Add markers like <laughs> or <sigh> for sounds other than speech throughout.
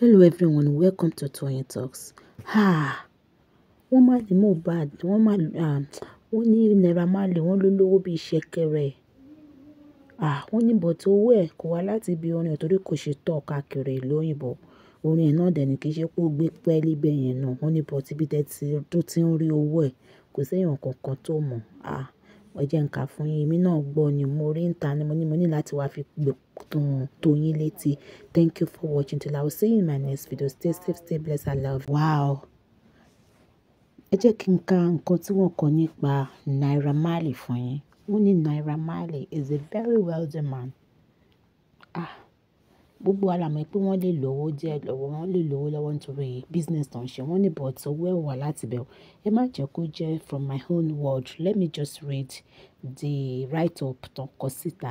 Hello everyone, welcome to Toyeen Talks. Ah, wọ́n má ní Mohbad, wọ́n má, ah, wọ́n ní Naira Marley, wọ́n ló lówó bíi ṣẹ̀kẹ̀rẹ̀. Ah, wọ́n ní but owó ẹ̀ kò wá láti ibi orin torí kò ṣe tọ́ káàkiri ìlú òyìnbó. Orin ẹ̀ náà dẹ̀ ní kì í ṣe pé ó gbé pẹ́ẹ́lí bẹ́ẹ̀ yẹn náà. Wọ́n ní but ibi tẹ́ tí, tó ti ń rí owó ẹ̀ kò sí kankan tó mọ̀. Ah ẹ jẹ́ n kà fún yín. Èmi náà gbọ́ ni mo rí ń ta ni mo ní mo ní láti wá fi tó yín létí. Thank you for watching till I will see you in my next video. Stay safe, stay blessed. I love you. Wow. Ẹ jẹ́ kí n ka nǹkan tí wọ́n kọ nípa Naira Marley fún yín. Wọ́n ní Naira Marley is a very wealthy man. Ah gbogbo wa la mọ̀ pé wọ́n lè lówó díẹ̀ lọ́wọ́ wọ́n lè lówó lọ́wọ́ nítorí business tó ń ṣe wọ́n ní but owó ẹ̀ wà láti bẹ̀ ẹ má jẹ́ kó jẹ́ from my own word let me just read the write up tó kọ síta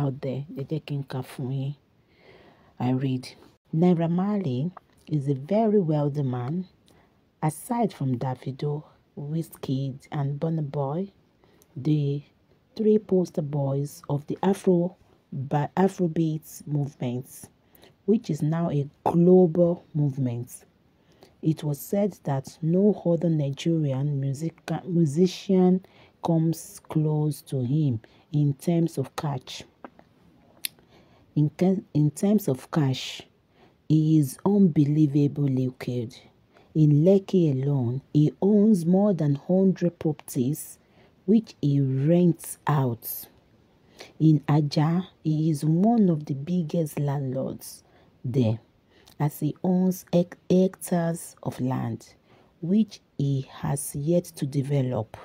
out there ẹ jẹ́ kí n kà fún yín I read Naira Marley is a very wealthy man aside from Davido Wizkid and Burna Boy the three poster boys of the Afro by Afrobeat movements, which is now a global movement. It was said that no other Nigerian music musician comes close to him in terms of cash. In, in terms of cash, he is unbelievably wicked. In Lekki alone, he owns more than 100 properties which he rents out. In Ajah, he is one of the biggest landlords there, as he owns hectares of land, which he has yet to develop.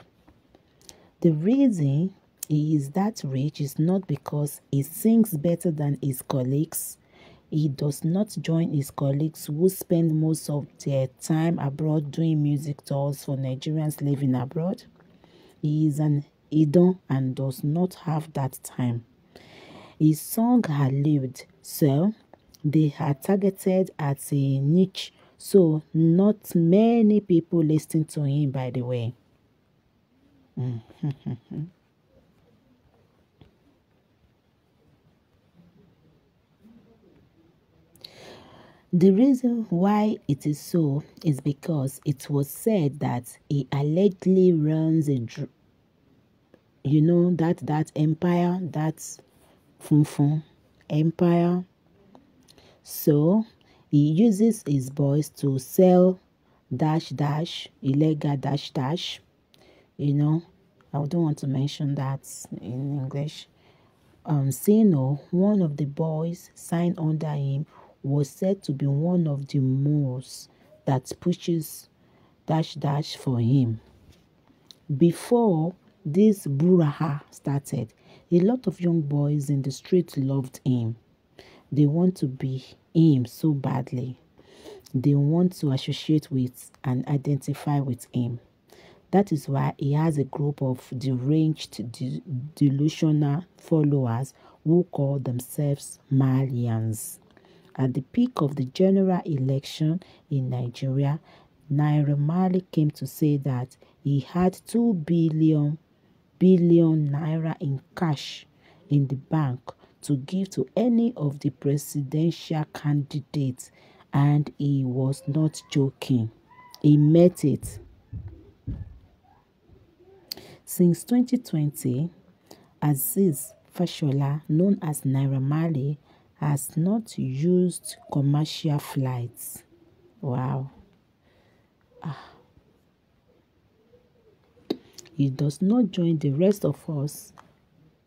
The reason he is that rich is not because he sings better than his colleagues. He does not join his colleagues who spend most of their time abroad doing music tours for Nigerians living abroad. He is an Edom and does not have that time. His song had lived, so they had targeted at a niche, so not many people listened to him, by the way. <laughs> The reason why it is so is because it was said that he allegedly runs a, you know that that empire that fun empire so he uses his boys to sell dash dash illegal dash dash you know i don't want to mention that in english um Sino, one of the boys signed under him was said to be one of the most that pushes dash dash for him before this Buraha started, a lot of young boys in the street loved him. They want to be him so badly. They want to associate with and identify with him. That is why he has a group of deranged, de delusional followers who call themselves Malians. At the peak of the general election in Nigeria, Naira Mali came to say that he had 2 billion billion naira in cash in the bank to give to any of the presidential candidates and he was not joking. He met it. Since 2020, Aziz Fashola, known as Naira has not used commercial flights. Wow. Ah. He does not join the rest of us,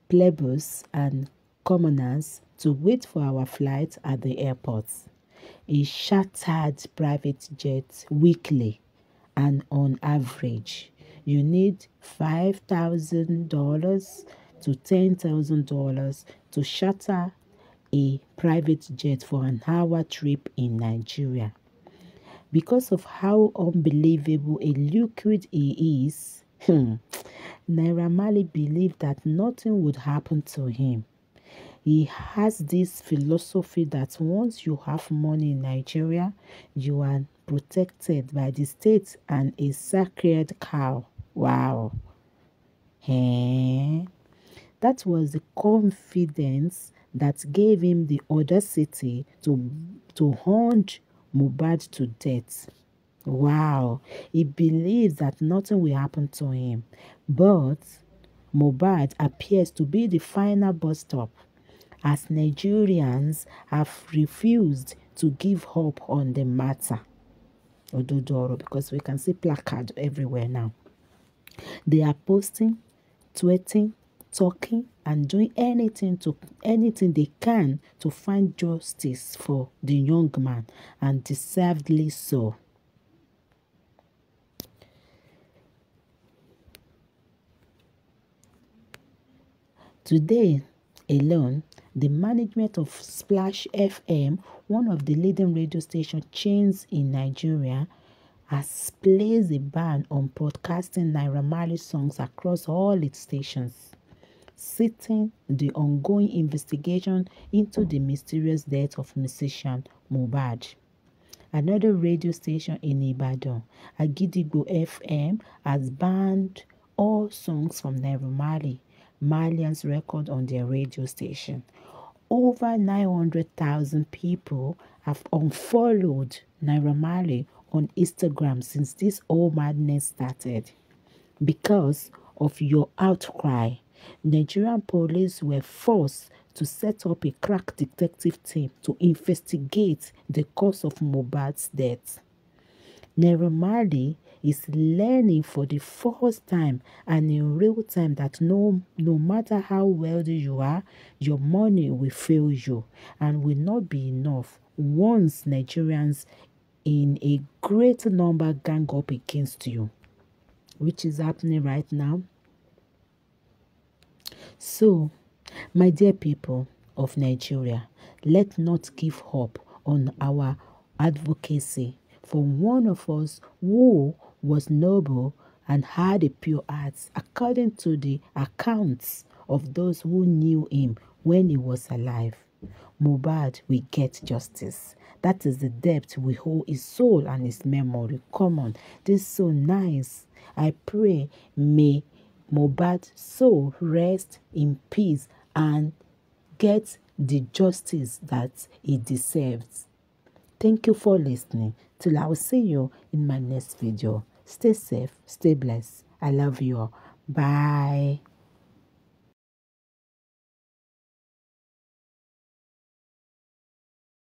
plebeians and commoners, to wait for our flight at the airport. He shattered private jets weekly, and on average, you need $5,000 to $10,000 to shatter a private jet for an hour trip in Nigeria. Because of how unbelievable a liquid he is. Hmm. Nairamali believed that nothing would happen to him. He has this philosophy that once you have money in Nigeria, you are protected by the state and a sacred cow. Wow. Hey. Eh? That was the confidence that gave him the audacity to, to hunt Mubad to death. Wow, he believes that nothing will happen to him. But Mobad appears to be the final bus stop as Nigerians have refused to give up on the matter. Ododoro, because we can see placard everywhere now. They are posting, tweeting, talking, and doing anything to anything they can to find justice for the young man, and deservedly so. Today alone, the management of Splash FM, one of the leading radio station chains in Nigeria, has placed a ban on broadcasting Naira Marley songs across all its stations, citing the ongoing investigation into the mysterious death of musician Mubad. Another radio station in Ibadan, AgidiGo FM, has banned all songs from Naira Marley Malians record on their radio station. Over 900,000 people have unfollowed Naira Marley on Instagram since this whole madness started. Because of your outcry, Nigerian police were forced to set up a crack detective team to investigate the cause of Mobat's death. Neromade is learning for the first time and in real time that no, no matter how wealthy you are, your money will fail you and will not be enough once Nigerians in a great number gang up against you, which is happening right now. So, my dear people of Nigeria, let not give up on our advocacy for one of us who was noble and had a pure heart, according to the accounts of those who knew him when he was alive. Mubad will get justice. That is the debt we owe his soul and his memory. Come on, this is so nice. I pray may Mubad's soul rest in peace and get the justice that he deserves. Thank you for listening. Till I will see you in my next video. Stay safe. Stay blessed. I love you. Bye.